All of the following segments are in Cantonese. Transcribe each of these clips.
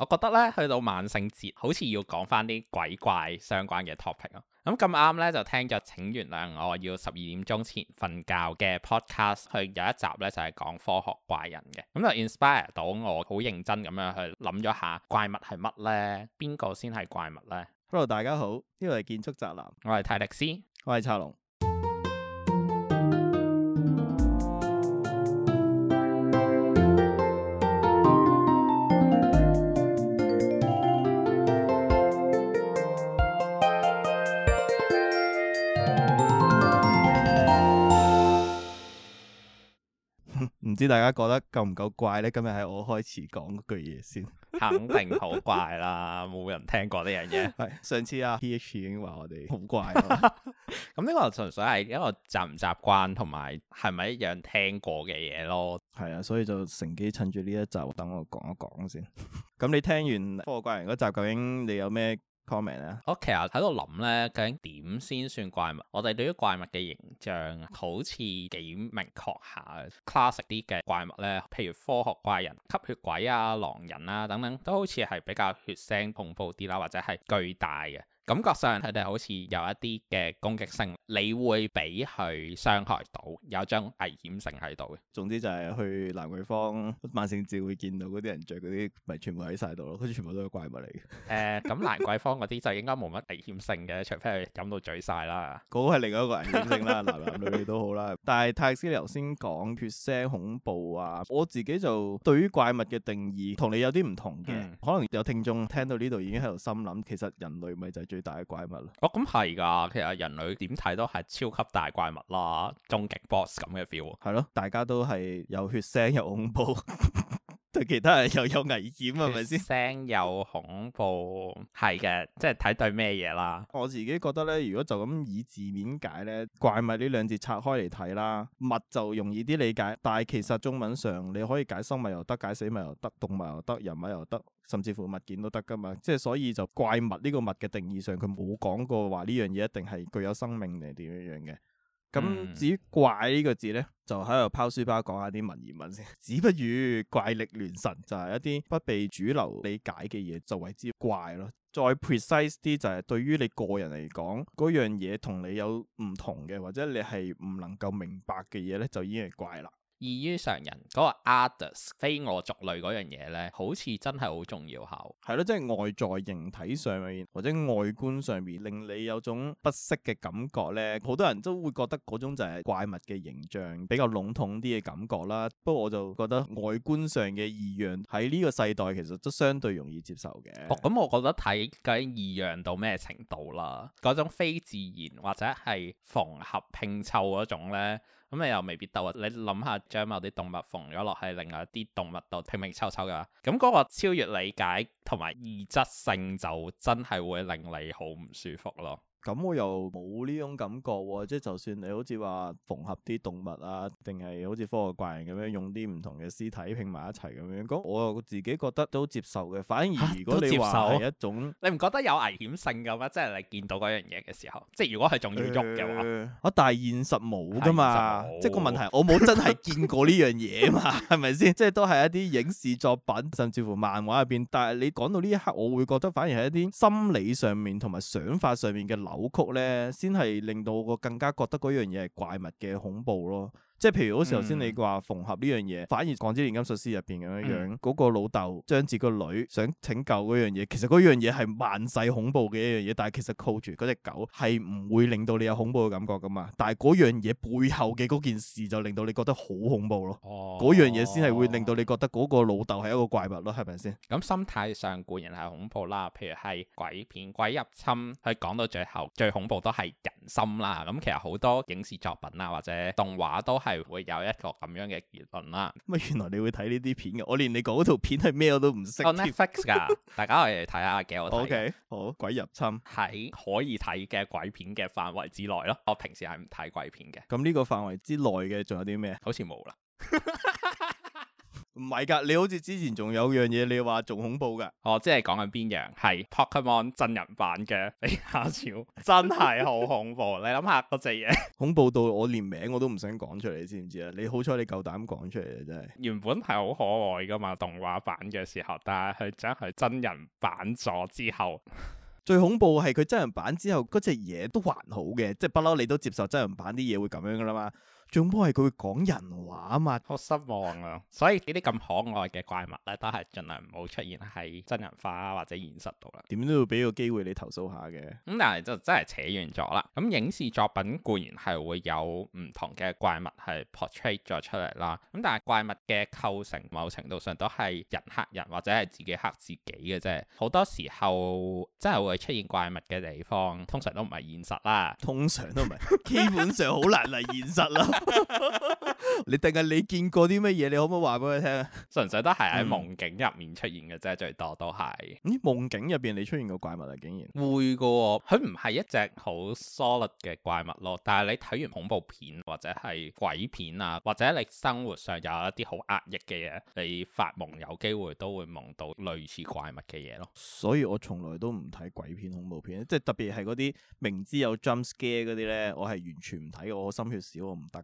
我覺得咧，去到萬聖節，好似要講翻啲鬼怪相關嘅 topic 咯。咁咁啱咧，就聽咗《請原諒我要十二點鐘前瞓覺》嘅 podcast，佢有一集咧就係、係、講科學怪人嘅。咁就 inspire 到我，好認真咁樣去諗咗下怪物係乜咧，邊個先係怪物咧？Hello，大家好，呢個係建築宅男，我係泰迪斯，我係策龍。唔知大家覺得夠唔夠怪呢？今日係我開始講嗰句嘢先， 肯定好怪啦，冇 人聽過呢樣嘢，啊。係 上次阿，啊、P H 已經話我哋好怪，咁呢個純粹係一個習唔習慣同埋係咪一樣聽過嘅嘢咯。係啊、 嗯，所以就乘機趁住呢一集等我講一講先。咁 你聽完科學怪人嗰集究竟你有咩？我其實喺度諗咧，究竟點先算怪物？我哋對於怪物嘅形象好似幾明確下，classic 啲嘅怪物咧，譬如科學怪人、吸血鬼啊、狼人啊等等，都好似係比較血腥恐怖啲啦，或者係巨大嘅。感覺上佢哋好似有一啲嘅攻擊性，你會俾佢傷害到，有一張危險性喺度嘅。總之就係去蘭桂坊、萬聖節會見到嗰啲人着嗰啲，咪全部喺晒度咯，佢全部都係怪物嚟嘅。誒、呃，咁蘭桂坊嗰啲就應該冇乜危險性嘅， 除非係飲到醉晒啦。嗰個係另外一個危險性啦，男男女女都好啦。 但係泰斯你頭先講血腥恐怖啊，我自己就對於怪物嘅定義同你有啲唔同嘅，嗯、可能有聽眾聽到呢度已經喺度心諗，其實人類咪就係最大怪物咯！哦，咁係噶，其實人類點睇都係超級大怪物啦，終極 boss 咁嘅 feel，係咯，大家都係有血腥有恐怖。對其他人又有危險，係咪先？聲又恐怖，係嘅， 即係睇對咩嘢啦。我自己覺得咧，如果就咁以字面解咧，怪物呢兩字拆開嚟睇啦，物就容易啲理解，但係其實中文上你可以解生物又得，解死物又得，動物又得，人物又得，甚至乎物件都得噶嘛。即係所以就怪物呢個物嘅定義上，佢冇講過話呢樣嘢一定係具有生命定係點樣樣嘅。咁、嗯、至於怪呢個字呢，就喺度拋書包講下啲文言文先。子不語怪力亂神，就係、是、一啲不被主流理解嘅嘢，就為之怪咯。再 precise 啲就係對於你個人嚟講，嗰樣嘢同你有唔同嘅，或者你係唔能夠明白嘅嘢呢，就已經係怪啦。異於常人嗰、嗰個 others 非我族類嗰樣嘢呢，好似真係好重要下。係咯，即係外在形體上面，或者外觀上面，令你有種不適嘅感覺呢。好多人都會覺得嗰種就係怪物嘅形象，比較籠統啲嘅感覺啦。不過我就覺得外觀上嘅異樣喺呢個世代其實都相對容易接受嘅。咁、哦、我覺得睇究竟異樣到咩程度啦，嗰種非自然或者係縫合拼湊嗰種呢。咁你又未必得啊！你諗下將某啲動物縫咗落去另外一啲動物度，拼拼湊湊㗎，咁嗰個超越理解同埋異質性就真係會令你好唔舒服咯～咁我又冇呢種感覺，即係就算你好似話縫合啲動物啊，定係好似科學怪人咁樣用啲唔同嘅屍體拼埋一齊咁樣，咁我又自己覺得都接受嘅。反而如果你話係一種，啊、你唔覺得有危險性嘅咩？即係你見到嗰樣嘢嘅時候，即係如果係仲要喐嘅話，啊、欸欸欸、但係現實冇噶嘛，即係個問題我冇真係見過呢樣嘢嘛，係咪先？即係都係一啲影視作品甚至乎漫畫入邊，但係你講到呢一刻，我會覺得反而係一啲心理上面同埋想法上面嘅扭曲咧，先係令到我更加覺得嗰樣嘢係怪物嘅恐怖咯。即係譬如好似頭先你話縫合呢樣嘢，嗯、反而《鋼之鍊金術師》入邊咁樣樣，嗰、嗯、個老豆將自己個女想拯救嗰樣嘢，其實嗰樣嘢係萬世恐怖嘅一樣嘢，但係其實靠住嗰隻狗係唔會令到你有恐怖嘅感覺㗎嘛，但係嗰樣嘢背後嘅嗰件事就令到你覺得好恐怖咯。嗰樣嘢先係會令到你覺得嗰個老豆係一個怪物咯，係咪先？咁心態上固然係恐怖啦，譬如係鬼片、鬼入侵，佢講到最後最恐怖都係人。心啦，咁其實好多影視作品啊，或者動畫都係會有一個咁樣嘅結論啦。咁啊，原來你會睇呢啲片嘅，我連你嗰套片係咩我都唔識。On Netflix 㗎 大家可以睇下幾好睇。O、okay, K，好，鬼入侵喺可以睇嘅鬼片嘅範圍之內咯。我平時係唔睇鬼片嘅。咁呢個範圍之內嘅仲有啲咩？好似冇啦。 唔係噶，你好似之前仲有樣嘢，你話仲恐怖噶。哦，即係講緊邊樣？係 Pokemon、ok、真人版嘅比卡超，真係好恐怖。 你諗下嗰隻嘢，恐怖到我連名我都唔想講出嚟，知唔知啊？你好彩，你夠膽講出嚟，真係。原本係好可愛噶嘛，動畫版嘅時候。但係佢將佢真人版咗之後， 最恐怖係佢真人版之後，嗰隻嘢都還好嘅，即係不嬲你都接受真人版啲嘢會咁樣噶啦嘛。仲冇係佢會講人話啊嘛，好失望啊！所以呢啲咁可愛嘅怪物咧，都係盡量唔好出現喺真人化或者現實度啦。點都要俾個機會你投訴下嘅。咁但係就真係扯遠咗啦。咁影視作品固然係會有唔同嘅怪物係 portray 咗出嚟啦。咁但係怪物嘅構成，某程度上都係人嚇人或者係自己嚇自己嘅啫。好多時候真係會出現怪物嘅地方，通常都唔係現實啦。通常都唔係， 基本上好難嚟現實啦。 你定係你見過啲乜嘢？你可唔可話俾我聽？純粹都係喺夢境入面出現嘅啫，最多都係。嗯、夢境入邊你出現個怪物啊，竟然會嘅、哦，佢唔係一隻好 solid 嘅怪物咯。但係你睇完恐怖片或者係鬼片啊，或者你生活上有一啲好壓抑嘅嘢，你發夢有機會都會夢到類似怪物嘅嘢咯。所以我從來都唔睇鬼片、恐怖片，即係特別係嗰啲明知有 jump scare 嗰啲咧，我係完全唔睇，我心血少，我唔得。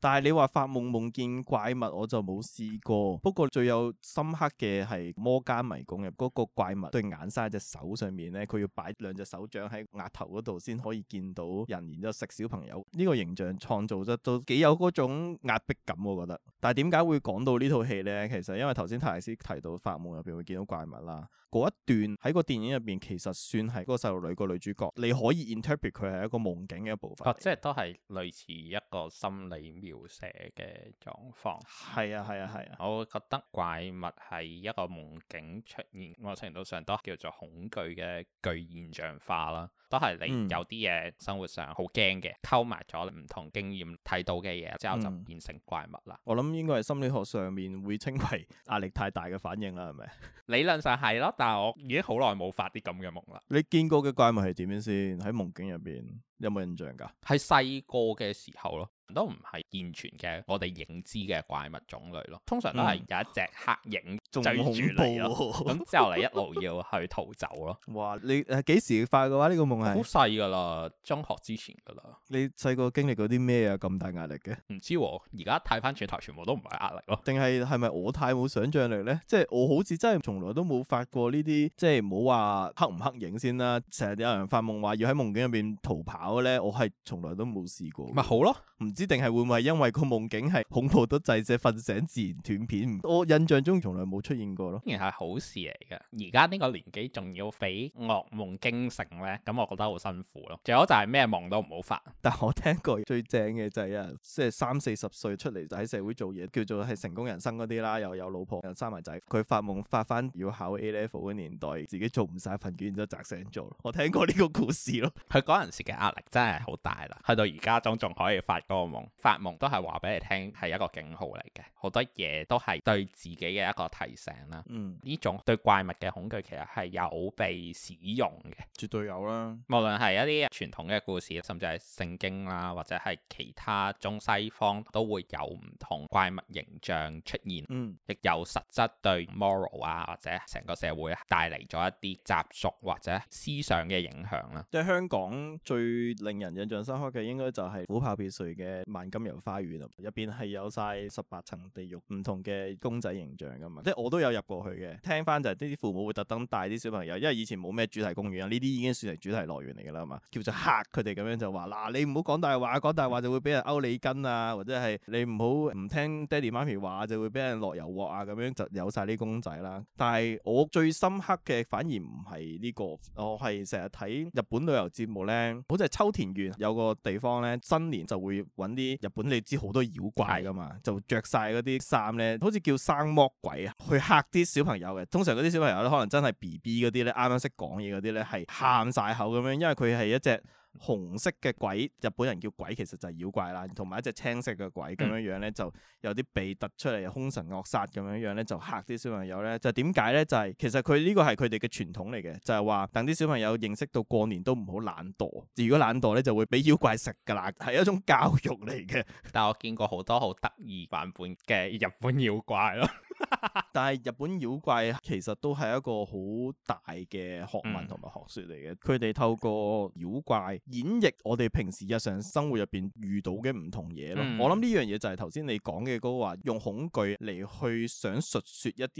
但係你話發夢夢見怪物我就冇試過，不過最有深刻嘅係魔加迷宮入嗰個怪物對眼生隻手上面咧，佢要擺兩隻手掌喺額頭嗰度先可以見到人，然之後食小朋友呢、呢個形象創造得都幾有嗰種壓迫感我覺得。但係點解會講到呢套戲咧？其實因為頭先泰斯提到發夢入邊會見到怪物啦，嗰一段喺個電影入邊其實算係個細路女個女主角，你可以 interpret 佢係一個夢境嘅一部分，啊，即係都係類似一個心理描寫嘅狀況係啊係啊係啊，啊啊我覺得怪物係一個夢境出現，某程度上都叫做恐懼嘅具現象化啦，都係你、嗯、有啲嘢生活上好驚嘅，溝埋咗唔同經驗睇到嘅嘢之後就變成怪物啦、嗯。我諗應該係心理學上面會稱為壓力太大嘅反應啦，係咪？ 理論上係咯，但係我已經好耐冇發啲咁嘅夢啦。你見過嘅怪物係點樣先？喺夢境入邊。有冇印象噶？係細個嘅時候咯，都唔係現存嘅我哋認知嘅怪物種類咯。通常都係有一隻黑影追住嚟，咁、嗯、更恐怖哦、 之後你一路要去逃走咯。哇！你誒，幾時發嘅？話呢個夢係好細噶啦，中學之前噶啦。你細個經歷過啲咩啊？咁大壓力嘅？唔知，而家睇翻轉頭，全部都唔係壓力咯。定係係咪我太冇想象力咧？即係我好似真係從來都冇發過呢啲，即係冇話黑唔黑影先啦。成日有人發夢話要喺夢境入邊逃跑。我咧，我係從來都冇試過。咪好咯，唔知定係會唔會因為個夢境係恐怖得滯,即瞓醒自然斷片。我印象中從來冇出現過咯。竟然係好事嚟㗎，而家呢個年紀仲要俾噩夢驚醒咧，咁、嗯、我覺得好辛苦咯。仲有就係咩夢都唔好發。但我聽過最正嘅就係、是、啊，即係三四十歲出嚟就喺社會做嘢，叫做係成功人生嗰啲啦，又有老婆，又生埋仔。佢發夢發翻要考 A Level 嘅年代，自己做唔晒份卷，然之後砸醒咗。我聽過呢個故事咯，係嗰陣時嘅壓力。真係好大啦！去到而家都仲可以發個夢，發夢都係話俾你聽，係一個警號嚟嘅。好多嘢都係對自己嘅一個提醒啦。嗯，呢種對怪物嘅恐懼其實係有被使用嘅，絕對有啦。無論係一啲傳統嘅故事，甚至係聖經啦、啊，或者係其他中西方都會有唔同怪物形象出現。嗯，亦有實質對 moral 啊或者成個社會帶嚟咗一啲習俗或者思想嘅影響啦。即係香港最令人印象深刻嘅，應該就係虎豹別墅嘅萬金油花園啦。入邊係有晒十八層地獄唔同嘅公仔形象噶嘛，即係我都有入過去嘅。聽翻就係啲父母會特登帶啲小朋友，因為以前冇咩主題公園啊，呢啲已經算係主題樂園嚟㗎啦嘛，叫做嚇佢哋咁樣就話嗱，你唔好講大話，講大話就會俾人勾你筋啊，或者係你唔好唔聽爹哋媽咪話，就會俾人落油鑊啊，咁樣就有晒啲公仔啦。但係我最深刻嘅反而唔係呢個，我係成日睇日本旅遊節目咧，好似秋田縣有個地方咧，新年就會揾啲日本你知好多妖怪㗎嘛，就着晒嗰啲衫咧，好似叫生魔鬼啊，去嚇啲小朋友嘅。通常嗰啲小朋友咧，可能真係 BB 嗰啲咧，啱啱識講嘢嗰啲咧，係喊晒口咁樣，因為佢係一隻紅色嘅鬼，日本人叫鬼，其實就係妖怪啦，同埋一隻青色嘅鬼咁、嗯、樣樣咧，就有啲鼻突出嚟，兇神惡煞咁樣樣咧，就嚇啲小朋友咧。就點解咧？就係、是、其實佢呢個係佢哋嘅傳統嚟嘅，就係話等啲小朋友認識到過年都唔好懶惰，如果懶惰咧就會俾妖怪食噶啦，係一種教育嚟嘅。但係我見過好多好得意版本嘅日本妖怪咯。 但係日本妖怪其實都係一個好大嘅學問同埋學說嚟嘅，佢哋、嗯、透過妖怪演繹我哋平時日常生活入邊遇到嘅唔同嘢咯。嗯、我諗呢樣嘢就係頭先你講嘅嗰個話，用恐懼嚟去想述說一啲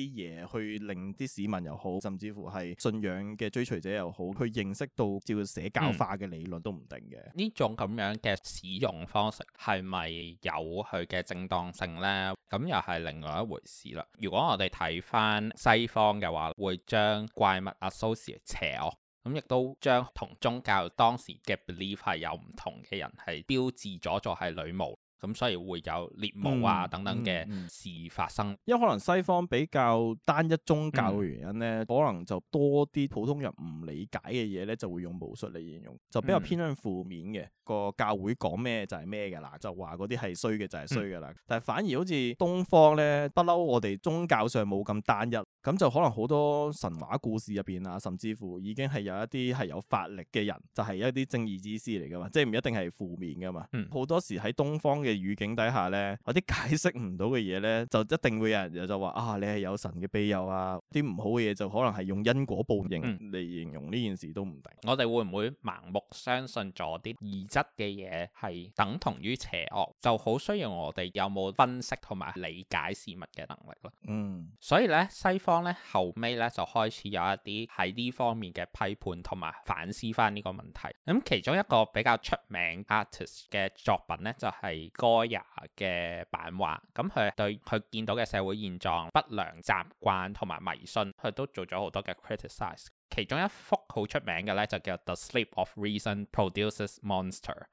嘢，去令啲市民又好，甚至乎係信仰嘅追隨者又好，去認識到照社交化嘅理論都唔定嘅。呢、嗯、種咁樣嘅使用方式係咪有佢嘅正當性呢？咁又係另外一回事啦。如果我哋睇翻西方嘅話，會將怪物 associate 邪惡，咁亦都將同宗教當時嘅 belief 係有唔同嘅人係標誌咗作係女巫。咁所以會有獵巫啊等等嘅事發生，嗯嗯嗯、因為可能西方比較單一宗教嘅原因咧，嗯、可能就多啲普通人唔理解嘅嘢咧，就會用巫術嚟形容，就比較偏向負面嘅。個、嗯、教會講咩就係咩嘅啦，就話嗰啲係衰嘅就係衰嘅啦。嗯、但係反而好似東方咧，不嬲我哋宗教上冇咁單一，咁就可能好多神話故事入邊啊，甚至乎已經係有一啲係有法力嘅人，就係、是、一啲正義之師嚟噶嘛，即係唔一定係負面噶嘛。好、嗯、多時喺東方嘅。嘅語境底下呢，有啲解釋唔到嘅嘢呢，就一定會有人就話啊，你係有神嘅庇佑啊，啲唔好嘅嘢就可能係用因果報應嚟、嗯、形容呢件事都唔定。我哋會唔會盲目相信咗啲異質嘅嘢係等同於邪惡，就好需要我哋有冇分析同埋理解事物嘅能力咯。嗯，所以呢，西方呢，後尾呢，就開始有一啲喺呢方面嘅批判同埋反思翻呢個問題。咁其中一個比較出名 artist 嘅作品呢，就係、是。哥雅嘅版畫，咁佢對佢見到嘅社會現狀、不良習慣同埋迷信，佢都做咗好多嘅 criticise。其中一幅好出名嘅咧，就叫《The Sleep of Reason Produces Monster》。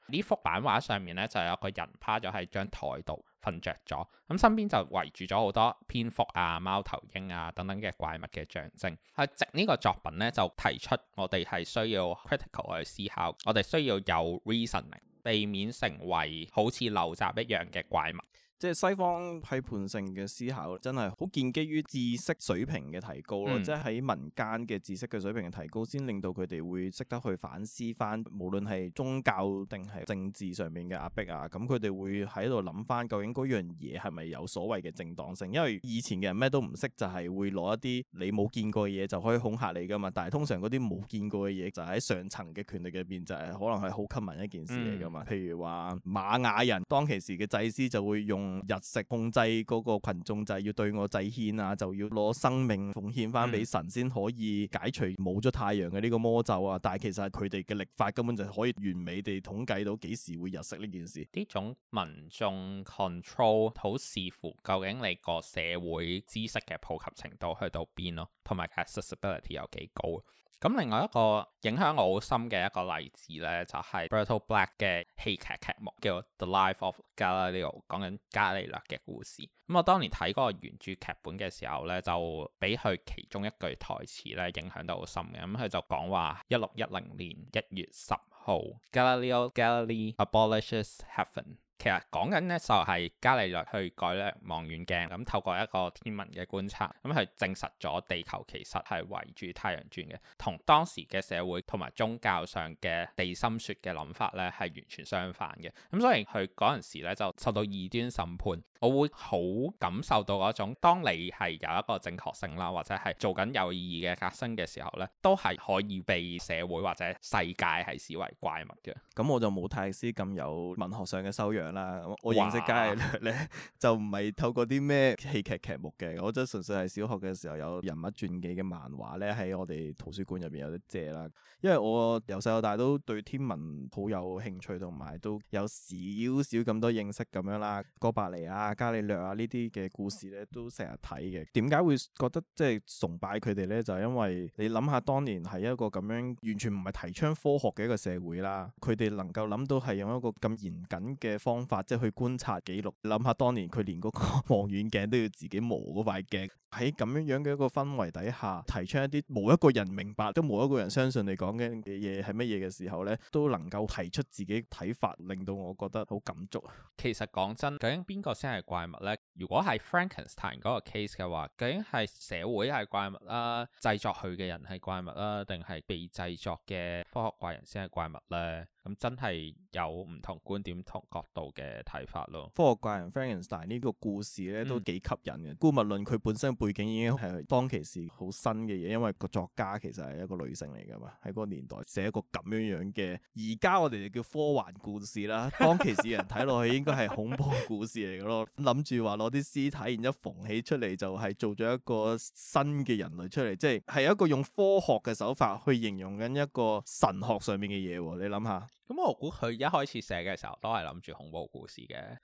呢幅版畫上面咧，就有個人趴咗喺張枱度瞓着咗，咁身邊就圍住咗好多蝙蝠啊、貓頭鷹啊等等嘅怪物嘅象徵。佢、啊、藉呢個作品咧，就提出我哋係需要 critical 去思考，我哋需要有 reasoning。避免成為好似陋習一樣嘅怪物。即係西方批判性嘅思考，真係好建基於知識水平嘅提高咯。即係喺民間嘅知識嘅水平嘅提高，先、嗯、令到佢哋會識得去反思翻，無論係宗教定係政治上面嘅壓迫啊。咁佢哋會喺度諗翻，究竟嗰樣嘢係咪有所謂嘅正當性？因為以前嘅人咩都唔識，就係、是、會攞一啲你冇見過嘅嘢就可以恐嚇你噶嘛。但係通常嗰啲冇見過嘅嘢，就喺、是、上層嘅權力入邊就係、是、可能係好吸引一件事嚟噶嘛。嗯、譬如話瑪雅人當其時嘅祭師就會用。日食控制嗰個羣眾，就係要對我祭獻啊，就要攞生命奉獻翻俾神先可以解除冇咗太陽嘅呢個魔咒啊！但係其實佢哋嘅歷法根本就可以完美地統計到幾時會日食呢件事。呢種民眾 control 好視乎究竟你個社會知識嘅普及程度去到邊咯，同埋 accessibility 有幾高。咁另外一個影響我好深嘅一個例子咧，就係、是、Bertolt Brecht 嘅戲劇劇目叫《The Life of Galileo》，講緊伽利略嘅故事。咁我當年睇嗰個原著劇本嘅時候咧，就俾佢其中一句台詞咧影響得好深嘅。咁佢就講話一六一零年一月十號，Galileo Galilei abolishes heaven。其實講緊咧就係伽利略去改良望遠鏡，咁透過一個天文嘅觀察，咁、嗯、佢證實咗地球其實係圍住太陽轉嘅，同當時嘅社會同埋宗教上嘅地心說嘅諗法咧係完全相反嘅，咁、嗯、所以佢嗰陣時咧就受到異端審判。我會好感受到嗰種，當你係有一個正確性啦，或者係做緊有意義嘅革新嘅時候咧，都係可以被社會或者世界係視為怪物嘅。咁我就冇太師咁有文學上嘅修養。啦，我認識伽利略咧， 就唔係透過啲咩戲劇劇目嘅，我覺得純粹係小學嘅時候有人物傳記嘅漫畫咧，喺我哋圖書館入邊有啲借啦。因為我由細到大都對天文好有興趣，同埋都有少少咁多認識咁樣啦，哥白尼啊、伽利略啊呢啲嘅故事咧都成日睇嘅。點解會覺得即係、就是、崇拜佢哋咧？就係因為你諗下，當年係一個咁樣完全唔係提倡科學嘅一個社會啦，佢哋能夠諗到係用一個咁嚴謹嘅方方法即係去觀察記錄，諗下當年佢連嗰個望遠鏡都要自己磨嗰塊鏡，喺咁樣樣嘅一個氛圍底下，提出一啲冇一個人明白都冇一個人相信你講嘅嘢係乜嘢嘅時候咧，都能夠提出自己睇法，令到我覺得好感觸。其實講真，究竟邊個先係怪物咧？如果係 Frankenstein 嗰個 case 嘅話，究竟係社會係怪物啦，製作佢嘅人係怪物啦，定係被製作嘅科學怪人先係怪物咧？咁真係有唔同觀點同角度嘅睇法咯。《科學怪人》Frankenstein 呢個故事咧都幾吸引嘅、嗯，《孤物論》佢本身背景已經係當其時好新嘅嘢，因為個作家其實係一個女性嚟噶嘛，喺個年代寫一個咁樣樣嘅。而家我哋就叫科幻故事啦，當其時人睇落去應該係恐怖故事嚟嘅咯。諗住話攞啲屍體然之後縫起出嚟，就係、是、做咗一個新嘅人類出嚟，即係係一個用科學嘅手法去形容緊一個神學上面嘅嘢。你諗下？咁我估佢一開始寫嘅時候都係諗住恐怖故事嘅，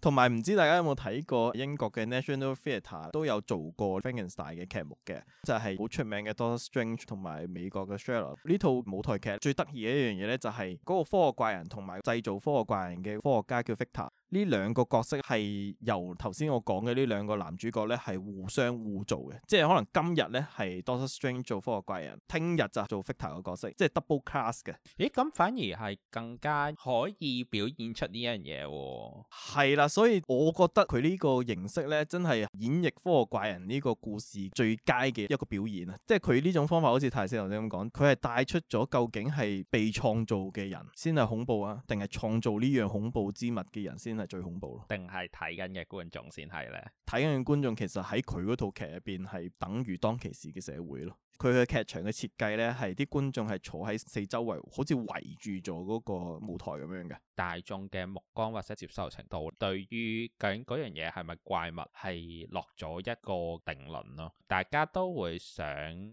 同埋唔知大家有冇睇過英國嘅 National Theatre 都有做過 Frankenstein 嘅劇目嘅，就係好出名嘅 Doctor Strange 同埋美國嘅 Sherlock，呢套舞台劇最得意嘅一樣嘢咧，就係嗰個科學怪人同埋製造科學怪人嘅科學家叫 Victor，呢兩個角色係由頭先我講嘅呢兩個男主角咧，係互相互做嘅，即係可能今日咧係 Doctor Strange 做科學怪人，聽日就係做 Victor 嘅角色，即係 double class 嘅。咦咁？反而係更加可以表現出呢樣嘢喎，係啦，所以我覺得佢呢個形式咧，真係演繹《科學怪人》呢個故事最佳嘅一個表演啊！即係佢呢種方法，好似泰斯頭先咁講，佢係帶出咗究竟係被創造嘅人先係恐怖啊，定係創造呢樣恐怖之物嘅人先係最恐怖咯。定係睇緊嘅觀眾先係咧？睇緊嘅觀眾其實喺佢嗰套劇入邊係等於當其時嘅社會咯。佢嘅劇場嘅設計咧係啲觀眾係坐喺四周圍，好似圍圍住咗嗰個舞台咁樣嘅大眾嘅目光或者接受程度，對於究竟嗰樣嘢係咪怪物，係落咗一個定論咯。大家都會想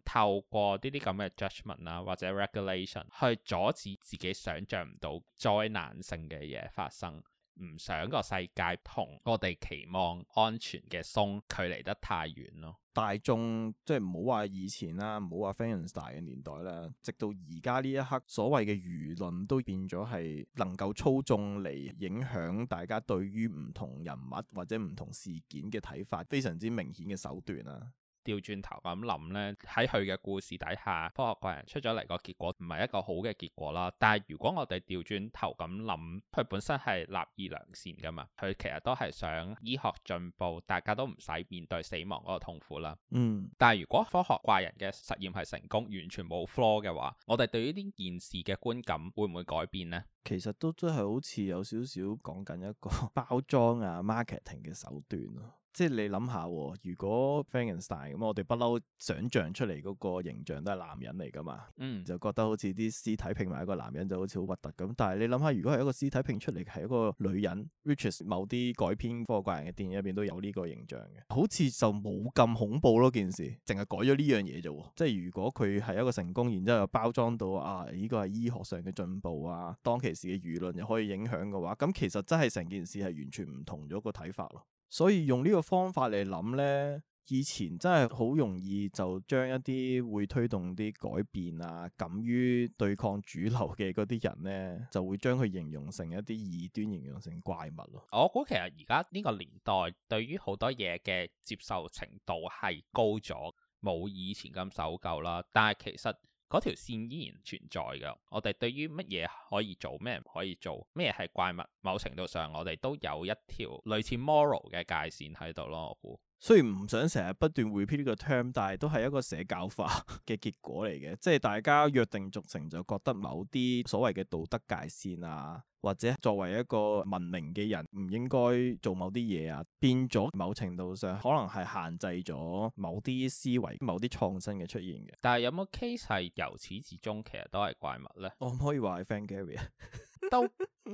透過呢啲咁嘅 judgment 啊或者 regulation 去阻止自己想象唔到災難性嘅嘢發生。唔想個世界同我哋期望安全嘅鬆距離得太遠咯。大眾即係唔好話以前啦，唔好話 fans 大嘅年代啦，直到而家呢一刻，所謂嘅輿論都變咗係能夠操縱嚟影響大家對於唔同人物或者唔同事件嘅睇法，非常之明顯嘅手段啦！調轉頭咁諗呢，喺佢嘅故事底下，科學怪人出咗嚟，個結果唔係一個好嘅結果啦。但係如果我哋調轉頭咁諗，佢本身係立意良善噶嘛，佢其實都係想醫學進步，大家都唔使面對死亡嗰個痛苦啦。嗯。但係如果科學怪人嘅實驗係成功，完全冇 flaw 嘅話，我哋對於呢件事嘅觀感會唔會改變呢？其實都真係好似有少少講緊一個包裝啊 marketing 嘅手段咯。即係你諗下，如果 Frankenstein 咁，我哋不嬲想像出嚟嗰個形象都係男人嚟噶嘛？嗯，就覺得好似啲屍體拼埋一個男人就好似好核突咁。但係你諗下，如果係一個屍體拼出嚟係一個女人，Riches 某啲改編科學怪人嘅電影入邊都有呢個形象嘅，好似就冇咁恐怖咯。件事淨係改咗呢樣嘢啫。即係如果佢係一個成功，然之後又包裝到啊，呢個係醫學上嘅進步啊，當其時嘅輿論又可以影響嘅話，咁其實真係成件事係完全唔同咗個睇法咯。所以用呢個方法嚟諗呢，以前真係好容易就將一啲會推動啲改變啊、敢於對抗主流嘅嗰啲人呢，就會將佢形容成一啲異端，形容成怪物咯。我估其實而家呢個年代對於好多嘢嘅接受程度係高咗，冇以前咁守舊啦，但係其實。嗰條線依然存在噶，我哋對於乜嘢可以做，咩唔可以做，咩係怪物，某程度上我哋都有一條類似 moral 嘅界線喺度咯。雖然唔想成日不斷 repeat 呢個 term，但係都係一個社交化嘅結果嚟嘅，即係大家約定俗成就覺得某啲所謂嘅道德界線啊。或者作為一個文明嘅人，唔應該做某啲嘢啊，變咗某程度上可能係限制咗某啲思維、某啲創新嘅出現嘅。但係有冇 case 係由始至終其實都係怪物咧？我唔可以話係 Frank Gehry 啊，都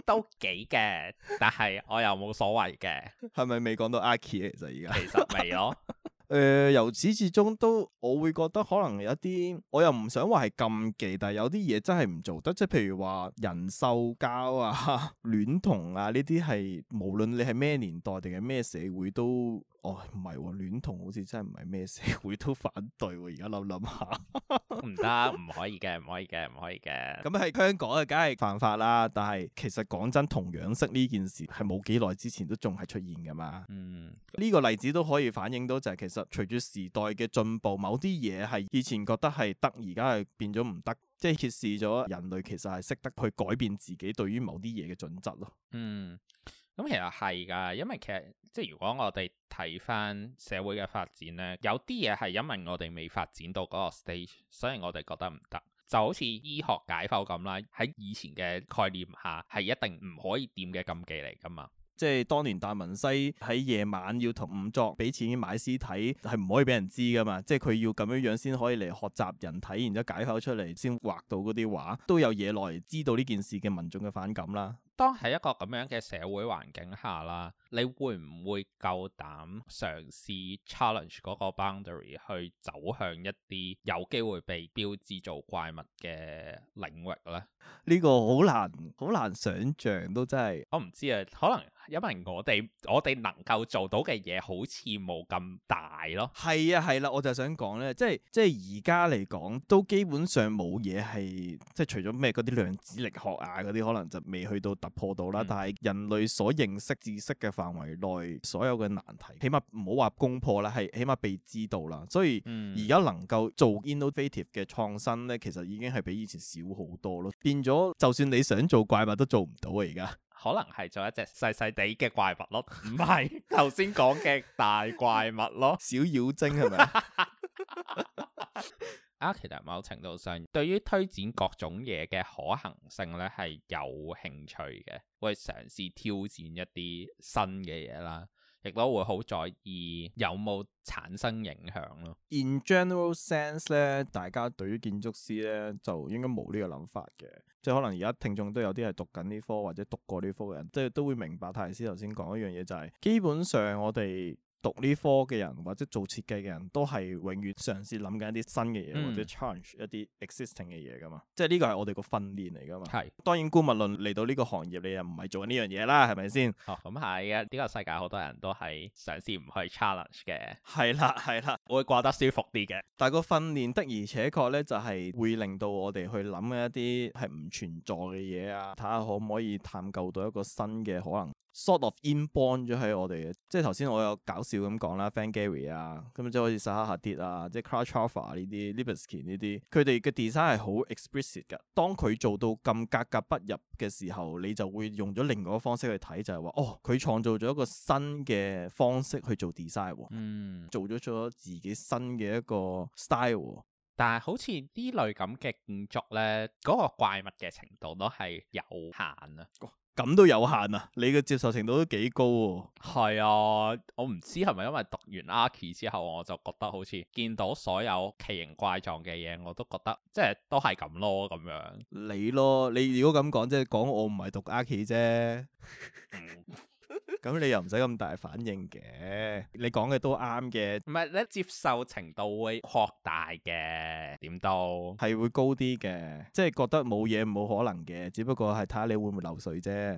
都幾嘅， 但係我又冇所謂嘅。係咪未講到阿 Key 啊？其實而家其實未咯。 誒、呃，由始至終都我會覺得可能有一啲，我又唔想話係禁忌，但係有啲嘢真係唔做得，即係譬如話人獸交啊、戀童啊呢啲係，無論你係咩年代定係咩社會都。哦，唔係喎，戀童好似真係唔係咩社會都反對喎。而家諗諗下，唔得，唔可以嘅，唔可以嘅，唔可以嘅。咁係香港嘅，梗係犯法啦。但係其實講真，同樣識呢件事係冇幾耐之前都仲係出現㗎嘛。嗯，呢個例子都可以反映到就係其實隨住時代嘅進步，某啲嘢係以前覺得係得，而家係變咗唔得，即係揭示咗人類其實係識得去改變自己對於某啲嘢嘅準則咯。嗯。咁其實係噶，因為其實即係如果我哋睇翻社會嘅發展呢，有啲嘢係因為我哋未發展到嗰個 stage，所以我哋覺得唔得。就好似醫學解剖咁啦，喺以前嘅概念下係一定唔可以掂嘅禁忌嚟噶嘛。即係當年達文西喺夜晚要同仵作俾錢買屍體，係唔可以俾人知噶嘛。即係佢要咁樣樣先可以嚟學習人體，然之後解剖出嚟先畫到嗰啲畫，都有嘢來知道呢件事嘅民眾嘅反感啦。當喺一個咁樣嘅社會環境下啦，你會唔會夠膽嘗試 challenge 嗰個 boundary 去走向一啲有機會被標誌做怪物嘅領域咧？呢個好難好難想象，都真係我唔知啊。可能因為我哋我哋能夠做到嘅嘢好似冇咁大咯。係啊係啦、啊，我就想講呢，即係即係而家嚟講都基本上冇嘢係即係除咗咩嗰啲量子力學啊嗰啲，可能就未去到。破到啦，但係人類所認識知識嘅範圍內，所有嘅難題，起碼唔好話攻破啦，係起碼被知道啦。所以而家能夠做 innovative 嘅創新咧，其實已經係比以前少好多咯。變咗，就算你想做怪物都做唔到啊！而家可能係做一隻細細地嘅怪物咯，唔係頭先講嘅大怪物咯， 小妖精係咪？是 啊， 其實某程度上，對於推展各種嘢嘅可行性咧，係有興趣嘅，會嘗試挑戰一啲新嘅嘢啦，亦都會好在意有冇產生影響咯。In general sense 咧，大家對於建築師咧就應該冇呢個諗法嘅，即係可能而家聽眾都有啲係讀緊呢科或者讀過呢科嘅人，即係都會明白泰斯頭先講一樣嘢就係，是，基本上我哋。讀呢科嘅人或者做設計嘅人都係永遠嘗試諗緊一啲新嘅嘢、嗯、或者 challenge 一啲 existing 嘅嘢噶嘛，即係呢個係我哋個訓練嚟噶嘛。係，當然怪物論嚟到呢個行業，你又唔係做緊呢樣嘢啦，係咪先？咁係嘅。呢、嗯呢個世界好多人都係嘗試唔去 challenge 嘅。係啦，係啦，我會掛得舒服啲嘅。但係個訓練的而且確咧，就係會令到我哋去諗一啲係唔存在嘅嘢啊，睇下可唔可以探究到一個新嘅可能。Sort of inborn 咗喺我哋，嘅，即係頭先我有搞笑咁講啦 Frank Gehry 啊，咁即係好似 Zaha Hadid 啊，即係 Calatrava 呢啲 Libeskind 呢啲，佢哋嘅 design 係好 explicit 噶。當佢做到咁格格不入嘅時候，你就會用咗另外一個方式去睇，就係話哦，佢創造咗一個新嘅方式去做 design，嗯，做咗咗自己新嘅一個 style、嗯。但係好似呢類咁嘅建築咧，嗰個怪物嘅程度都係有限啊。咁都有限啊！你嘅接受程度都幾高喎啊。係啊，我唔知係咪因為讀完 Archie 之後，我就覺得好似見到所有奇形怪狀嘅嘢，我都覺得即係都係咁咯咁樣。你咯，你如果咁講，即係講我唔係讀 Archie 啫。嗯 咁你又唔使咁大反應嘅，你講嘅都啱嘅。唔係，你接受程度會擴大嘅，點都係會高啲嘅。即係覺得冇嘢冇可能嘅，只不過係睇下你會唔會漏水啫。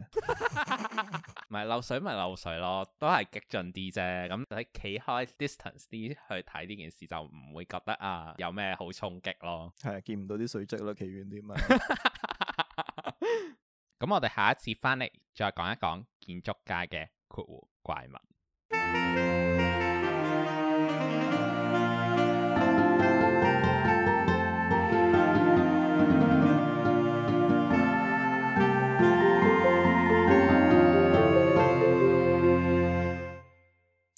唔係漏水咪漏水咯，都係激進啲啫。咁你企開 distance 啲去睇呢件事，就唔會覺得啊有咩好衝擊咯。係啊，見唔到啲水跡咯，企遠啲嘛。咁我哋下一次翻嚟再講一講建築界嘅括弧怪物。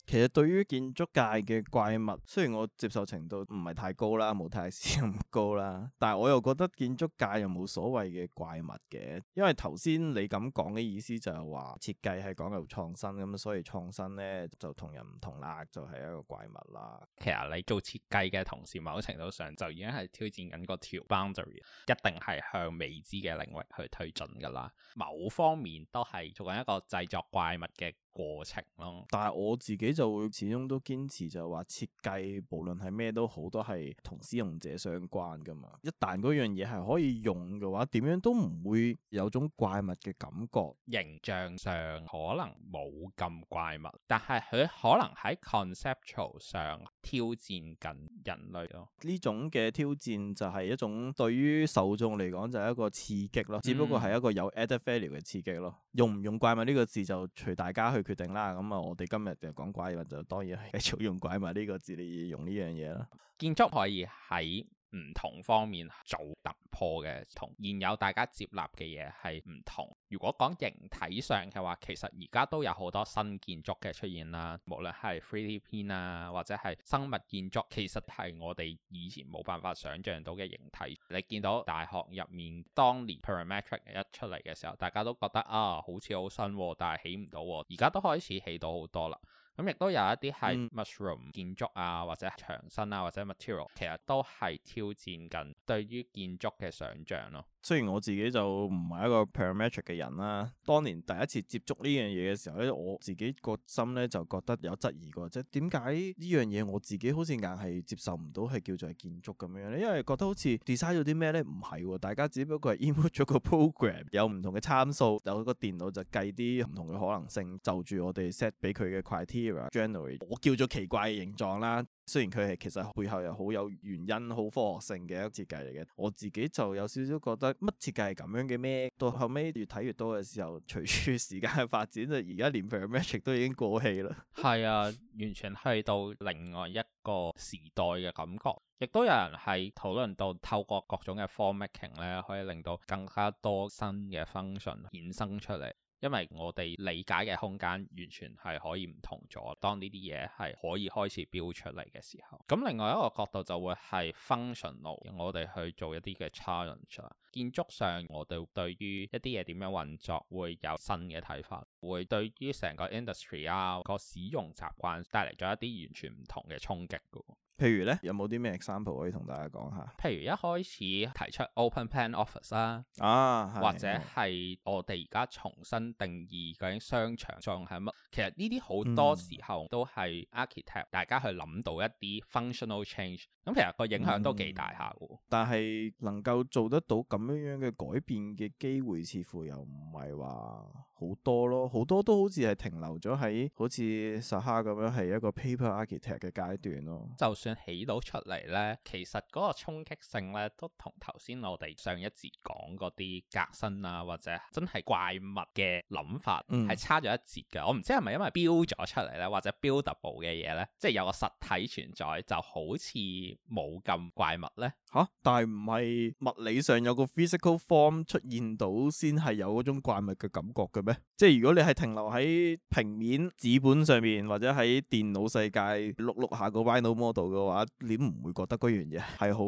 其實對於建築界嘅怪物，雖然我接受程度唔係太高啦，冇太斯咁高啦，但係我又覺得建築界又冇所謂嘅怪物嘅，因為頭先你咁講嘅意思就係話設計係講求創新，咁所以創新呢就同人唔同啦，就係一個怪物啦。其實你做設計嘅同時，某程度上就已經係挑戰緊個條 boundary，一定係向未知嘅領域去推進噶啦。某方面都係做緊一個製作怪物嘅過程咯，但係我自己就會始終都堅持就話設計，無論係咩都好，都係同使用者相關噶嘛。一旦嗰樣嘢係可以用嘅話，點樣都唔會有種怪物嘅感覺，形象上可能冇咁怪物，但係佢可能喺 conceptual 上挑戰緊人類咯。呢種嘅挑戰就係一種對於受眾嚟講就係一個刺激咯，嗯、只不過係一個有 added value 嘅刺激咯。用唔用怪物呢個字就隨大家去。決定啦，咁啊，我哋今日就講怪物，就當然係繼續用怪物呢個字嚟用呢樣嘢啦。建築可以喺。唔同方面做突破嘅，同現有大家接納嘅嘢係唔同。如果講形體上嘅話，其實而家都有好多新建築嘅出現啦。無論係 3D 片啊，或者係生物建築，其實係我哋以前冇辦法想象到嘅形體。你見到大學入面當年 Parametric 一出嚟嘅時候，大家都覺得啊、哦，好似好新、哦，但係起唔到。而家都開始起到好多啦。咁亦都有一啲係 mushroom 建築啊，或者牆身啊，或者 material，其實都係挑戰緊對於建築嘅想象咯、啊。雖然我自己就唔係一個 parametric 嘅人啦，當年第一次接觸呢樣嘢嘅時候咧，我自己個心咧就覺得有質疑過，即係點解呢樣嘢我自己好似硬係接受唔到係叫做建築咁樣咧？因為覺得好似 design 咗啲咩咧，唔係喎，大家只不過係 input 咗個 program，有唔同嘅參數，有個電腦就計啲唔同嘅可能性，就住我哋 set 俾佢嘅 criteria generate，我叫做奇怪嘅形狀啦。雖然佢係其實背後又好有原因、好科學性嘅一個設計嚟嘅，我自己就有少少覺得乜設計係咁樣嘅咩？到後尾越睇越多嘅時候，隨住時間嘅發展，就而家連 parametric 都已經過氣啦。係啊，完全去到另外一個時代嘅感覺。亦都有人係討論到透過各種嘅 form making 咧，可以令到更加多新嘅 function 衍生出嚟。因為我哋理解嘅空間完全係可以唔同咗，當呢啲嘢係可以開始標出嚟嘅時候，咁另外一個角度就會係 functional 我哋去做一啲嘅 challenge。建築上，我哋對於一啲嘢點樣運作會有新嘅睇法，會對於成個 industry 啊個使用習慣帶嚟咗一啲完全唔同嘅衝擊嘅。譬如咧，有冇啲咩 example 可以同大家講下？譬如一開始提出 open plan office 啦，啊，啊或者係我哋而家重新定義究竟商場仲係乜？其實呢啲好多時候都係 architect、嗯、大家去諗到一啲 functional change，咁其實個影響都幾大下喎、嗯。但係能夠做得到咁樣樣嘅改變嘅機會似乎又唔係話好多咯。好多都好似係停留咗喺好似 Zaha 咁樣係一個 paper architect 嘅階段咯。就算。起到出嚟咧，其實嗰個衝擊性咧，都同頭先我哋上一節講嗰啲革新啊，或者真係怪物嘅諗法係差咗一截㗎。嗯、我唔知係咪因為 build 咗出嚟咧，或者 buildable 嘅嘢咧，即係有個實體存在，就好似冇咁怪物咧。吓、啊，但係唔係物理上有個 physical form 出現到先係有嗰種怪物嘅感覺嘅咩？即係如果你係停留喺平面紙本上面，或者喺電腦世界碌碌下個 virtual model 嘅話，你唔會覺得嗰樣嘢係好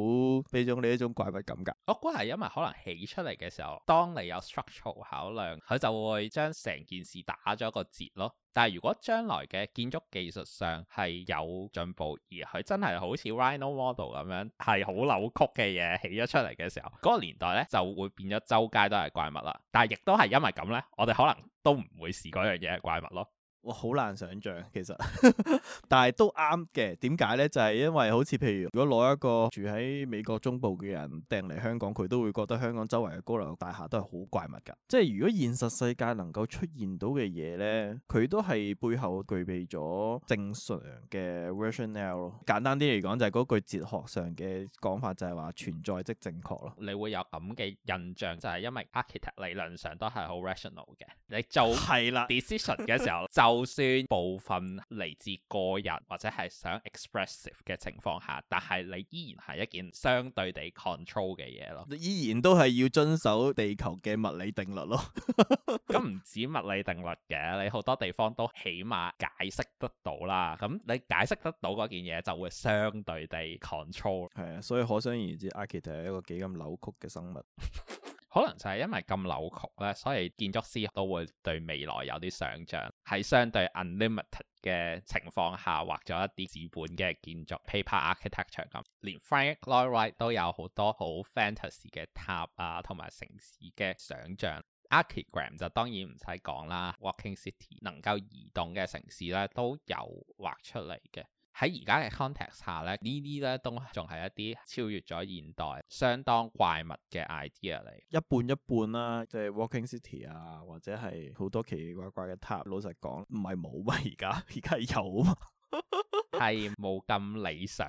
畀咗你一種怪物感覺？我估係因為可能起出嚟嘅時候，當你有 structural 考量，佢就會將成件事打咗一個折咯。但係如果將來嘅建築技術上係有進步，而佢真係好似 Rhino Model 咁樣係好扭曲嘅嘢，起咗出嚟嘅時候，嗰個年代咧就會變咗周街都係怪物啦。但係亦都係因為咁咧，我哋可能都唔會是嗰樣嘢係怪物咯。好難想象，其實， 但係都啱嘅。點解呢？就係、是、因為好似譬如，如果攞一個住喺美國中部嘅人掟嚟香港，佢都會覺得香港周圍嘅高樓大廈都係好怪物噶。即係如果現實世界能夠出現到嘅嘢呢，佢都係背後具備咗正常嘅 rational 咯。簡單啲嚟講，就係、是、嗰句哲學上嘅講法就，就係話存在即正確咯。你會有咁嘅印象，就係、是、因為 architect 理論上都係好 rational 嘅。你就係啦 decision 嘅時候就。 就算部分嚟自個人或者係想 expressive 嘅情況下，但係你依然係一件相對地 control 嘅嘢咯，你依然都係要遵守地球嘅物理定律咯。咁 唔止物理定律嘅，你好多地方都起碼解釋得到啦。咁你解釋得到嗰件嘢，就會相對地 control。係啊，所以可想而知，Architect 係一個幾咁扭曲嘅生物。 可能就係因為咁扭曲咧，所以建築師都會對未來有啲想像，喺相對 unlimited 嘅情況下畫咗一啲紙本嘅建築 paper architecture 咁。連 Frank Lloyd Wright 都有好多好 fantasy 嘅塔啊，同埋城市嘅想像。Archigram 就當然唔使講啦，Walking City 能夠移動嘅城市咧都有畫出嚟嘅。喺而家嘅 context 下咧，呢啲咧都仲係一啲超越咗現代、相當怪物嘅 idea 嚟。一半一半啦，即係 Walking City 啊，或者係好多奇奇怪怪嘅塔。老實講，唔係冇啊，而家而家有啊。 係冇咁理想，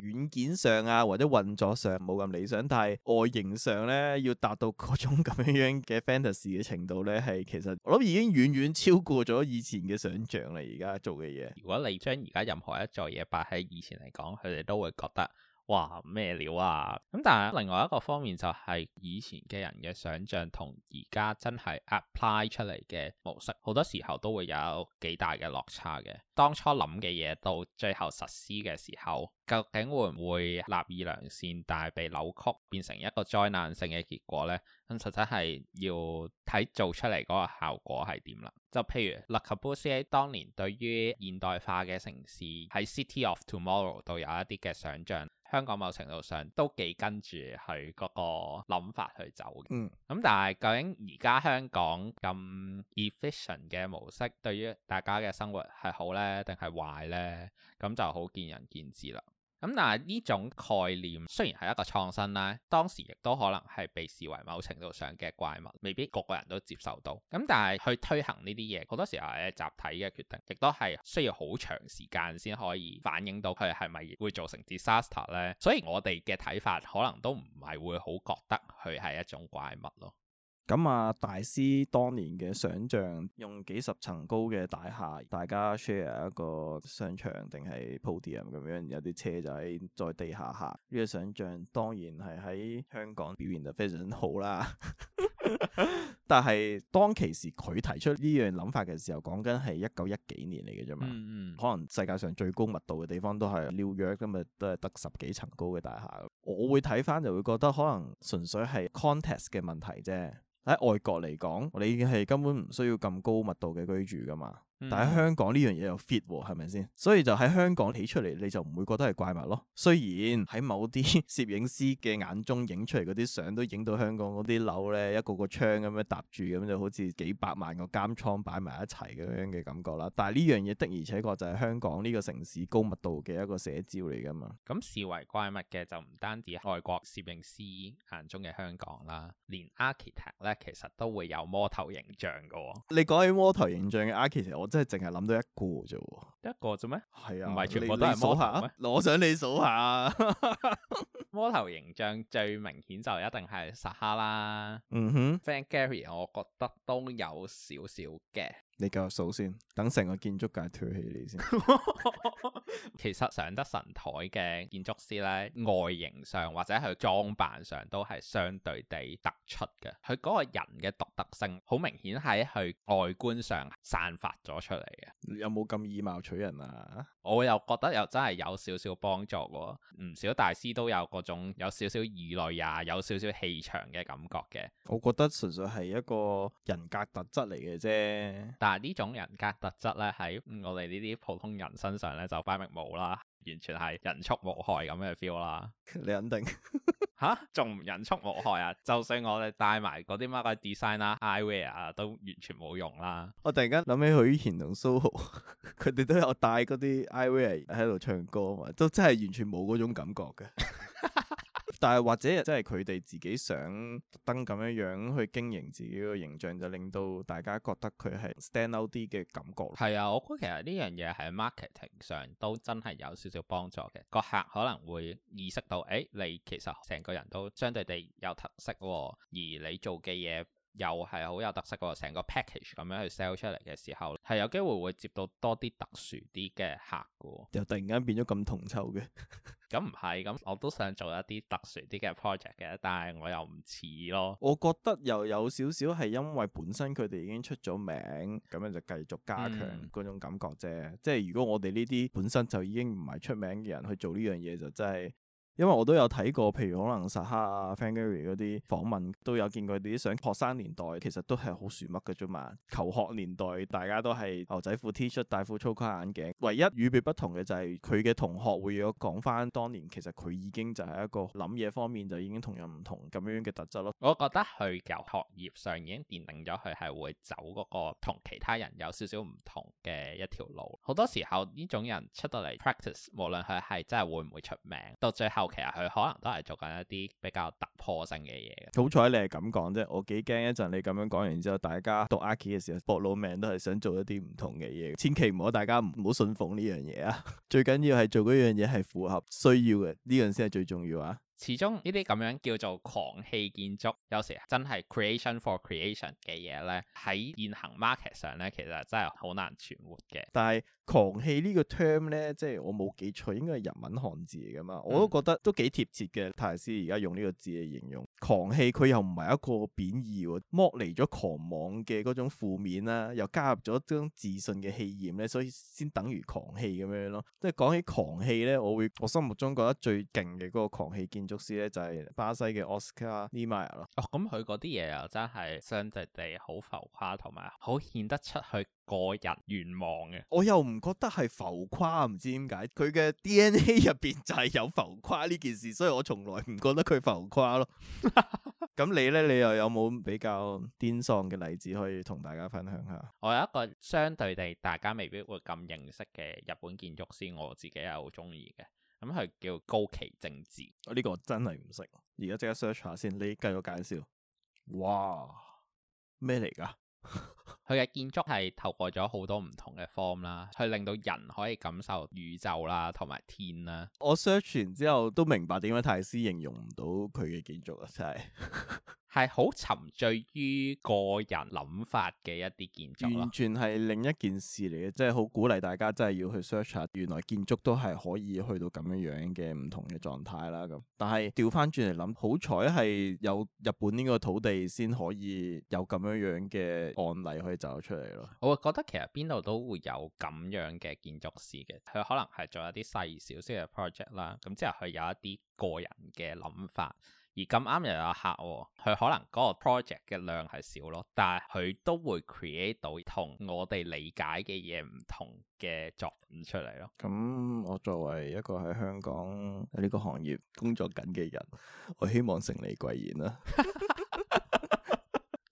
軟 件上啊，或者運作上冇咁理想，但係外形上咧要達到嗰種咁樣樣嘅 fantasy 嘅程度咧，係其實我諗已經遠遠超過咗以前嘅想象啦。而家做嘅嘢，如果你將而家任何一座嘢擺喺以前嚟講，佢哋都會覺得哇，咩料啊！咁但係另外一個方面就係以前嘅人嘅想象同而家真係 apply 出嚟嘅模式，好多時候都會有幾大嘅落差嘅。當初諗嘅嘢到最後實施嘅時候，究竟會唔會立意良善，但係被扭曲變成一個災難性嘅結果呢？咁、嗯、實際係要睇做出嚟嗰個效果係點啦。就譬如勒柯布西耶當年對於現代化嘅城市喺 City of Tomorrow 度有一啲嘅想象，香港某程度上都幾跟住佢嗰個諗法去走嘅。嗯、咁、嗯、但係究竟而家香港咁 efficient 嘅模式，對於大家嘅生活係好呢？咧，定係壞咧，咁就好見仁見智啦。咁但係呢種概念雖然係一個創新啦，當時亦都可能係被視為某程度上嘅怪物，未必個個人都接受到。咁但係去推行呢啲嘢，好多時候係集體嘅決定，亦都係需要好長時間先可以反映到佢係咪會造成 disaster 咧。所以我哋嘅睇法可能都唔係會好覺得佢係一種怪物咯。咁啊，大師當年嘅想象，用幾十層高嘅大廈，大家 share 一個商場，定係 podium 咁樣，有啲車仔在地下下。呢、這個想象，當然係喺香港表現得非常好啦。 但係當其時佢提出呢樣諗法嘅時候，講緊係一九一幾年嚟嘅啫嘛。可能世界上最高密度嘅地方都係紐約，今日都係得十幾層高嘅大廈。我會睇翻就會覺得可能純粹係 context 嘅問題啫。喺外國嚟講，你已經係根本唔需要咁高密度嘅居住噶嘛。嗯、但喺香港呢樣嘢又 fit 喎，係咪先？所以就喺香港起出嚟，你就唔會覺得係怪物咯。雖然喺某啲攝影師嘅眼中，影出嚟嗰啲相都影到香港嗰啲樓咧，一個個窗咁樣搭住，咁就好似幾百萬個監倉擺埋一齊咁樣嘅感覺啦。但係呢樣嘢的而且確就係香港呢個城市高密度嘅一個寫照嚟噶嘛。咁、嗯、視為怪物嘅就唔單止外國攝影師眼中嘅香港啦，連 architect 咧其實都會有魔頭形象噶、哦。你講起魔頭形象嘅 architect 我。真係淨係諗到一個啫，一個啫咩？係啊，唔係全部都係數下，咩？攞上你數下，啊！ 魔頭形象最明顯就一定係撒哈啦。嗯哼，Frank Gehry，我覺得都有少少嘅。你夠數先，等成個建築界脫起。你 先。其實上得神台嘅建築師呢，外形上或者佢裝扮上都係相對地突出嘅。佢嗰個人嘅獨特性，好明顯喺佢外觀上散發咗出嚟嘅。你有冇咁以貌取人啊？我又覺得又真係有少少幫助喎，唔少大師都有嗰種有少少異類呀，有少少氣場嘅感覺嘅。我覺得純粹係一個人格特質嚟嘅啫，但係呢種人格特質咧，喺我哋呢啲普通人身上咧就 bye bye 冇啦。完全係人畜無害咁嘅 feel 啦，你肯定嚇仲唔人畜無害啊！就算我哋帶埋嗰啲乜嘅 design 啊，eyewear 啊，都完全冇用啦。我突然間諗起許賢同蘇豪，佢哋都有帶嗰啲 eyewear 喺度唱歌嘛，都真係完全冇嗰種感覺嘅。 但係或者即係佢哋自己想特登咁樣樣去經營自己個形象，就令到大家覺得佢係 stand out 啲嘅感覺。係啊，我估其實呢樣嘢喺 marketing 上都真係有少少幫助嘅。個客可能會意識到，誒、欸，你其實成個人都相對地有特色喎，而你做嘅嘢又係好有特色喎。成個 package 咁樣去 sell 出嚟嘅時候，係有機會會接到多啲特殊啲嘅客嘅。又突然間變咗咁同臭嘅。 咁唔係，咁我都想做一啲特殊啲嘅 project 嘅，但係我又唔似咯。我覺得又有，有少少係因為本身佢哋已經出咗名，咁樣就繼續加強嗰種感覺啫。嗯、即係如果我哋呢啲本身就已經唔係出名嘅人去做呢樣嘢，就真係。因為我都有睇過，譬如可能 Zaha 啊、Frank Gehry 嗰啲訪問，都有見過啲相，學生年代其實都係好庶乜嘅啫嘛。求學年代大家都係牛仔褲 T 恤、戴副粗框眼鏡，唯一與別不同嘅就係佢嘅同學會有講翻當年，其實佢已經就係一個諗嘢方面就已經同人唔同咁樣嘅特質咯。我覺得佢由學業上已經奠定咗，佢係會走嗰個同其他人有少少唔同嘅一條路。好多時候呢種人出到嚟 practice，無論佢係真係會唔會出名，到最後。其實佢可能都係做緊一啲比較突破性嘅嘢嘅。好彩你係咁講啫，我幾驚一陣你咁樣講完之後，大家讀 Archi 嘅時候搏老命都係想做一啲唔同嘅嘢，千祈唔好大家唔好信奉呢樣嘢啊！最緊要係做嗰樣嘢係符合需要嘅，呢樣先係最重要啊！始終呢啲咁樣叫做狂氣建築，有時真係 creation for creation 嘅嘢咧，喺現行 market 上咧，其實真係好難存活嘅。但係狂氣呢個 term 咧，即係我冇記錯，應該係日文漢字嚟㗎嘛，嗯、我都覺得都幾貼切嘅。泰斯而家用呢個字嚟形容狂氣，佢又唔係一個貶義喎，剝離咗狂妄嘅嗰種負面啦，又加入咗一種自信嘅氣焰咧，所以先等於狂氣咁樣咯。即係講起狂氣咧，我會我心目中覺得最勁嘅嗰個狂氣建築，建築師就係巴西嘅 Oscar Niemeyer 咯，哦，咁佢嗰啲嘢又真係相對地好浮誇，同埋好顯得出佢個人願望嘅。我又唔覺得係浮誇，唔知點解佢嘅 DNA 入邊就係有浮誇呢件事，所以我從來唔覺得佢浮誇咯。咁 你呢？你又有冇比較癲喪嘅例子可以同大家分享下？我有一個相對地大家未必會咁認識嘅日本建築師，我自己係好中意嘅。咁佢叫高奇政治，呢個真係唔識。而家即刻 search 下先，你繼續介紹。哇，咩嚟㗎？佢 嘅建築係透過咗好多唔同嘅 form 啦，去令到人可以感受宇宙啦，同埋天啦。我 search 完之後都明白點解泰斯形容唔到佢嘅建築啦，真係。 係好沉醉於個人諗法嘅一啲建築，完全係另一件事嚟嘅，即係好鼓勵大家真係要去 search 下，原來建築都係可以去到咁樣樣嘅唔同嘅狀態啦。咁，但係調翻轉嚟諗，好彩係有日本呢個土地先可以有咁樣樣嘅案例可以走出嚟咯。我會覺得其實邊度都會有咁樣嘅建築師嘅，佢可能係做一啲細小啲嘅 project 啦，咁之後佢有一啲個人嘅諗法。而咁啱又有客，佢可能嗰個 project 嘅量係少咯，但係佢都會 create 到同我哋理解嘅嘢唔同嘅作品出嚟咯。咁我作為一個喺香港喺呢個行業工作緊嘅人，我希望承你貴言啦。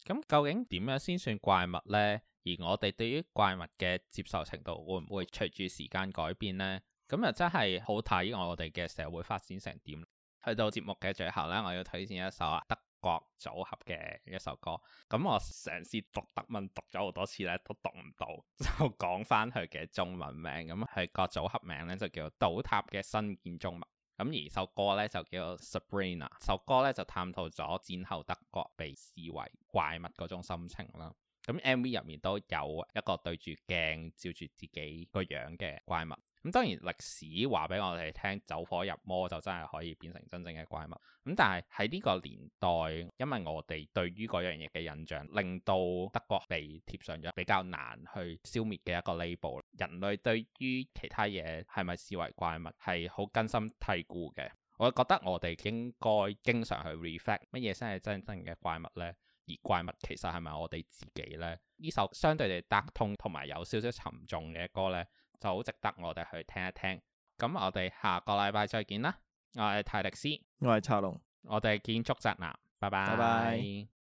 咁究竟點樣先算怪物咧？而我哋對於怪物嘅接受程度會唔會隨住時間改變咧？咁又真係好睇我哋嘅社會發展成點。去到節目嘅最後咧，我要推薦一首啊德國組合嘅一首歌。咁我嘗試讀德文讀咗好多次咧，都讀唔到，就講翻佢嘅中文名。咁佢個組合名咧就叫《倒塌嘅新建中物》。咁而首歌咧就叫做《Sabrina》。首歌咧就探討咗戰後德國被視為怪物嗰種心情啦。咁 MV 入面都有一個對住鏡照住自己個樣嘅怪物。咁當然歷史話俾我哋聽，走火入魔就真係可以變成真正嘅怪物。咁但係喺呢個年代，因為我哋對於嗰樣嘢嘅印象，令到德國被貼上咗比較難去消滅嘅一個 label。人類對於其他嘢係咪視為怪物係好根深蒂固嘅？我覺得我哋應該經常去 reflect 乜嘢先係真正嘅怪物呢？而怪物其實係咪我哋自己呢？呢首相對地 dark tone 同埋有少少沉重嘅歌呢，就好值得我哋去聽一聽，咁我哋下個禮拜再見啦！我係泰迪斯，我係茶龍，我哋建築宅男，拜拜。Bye bye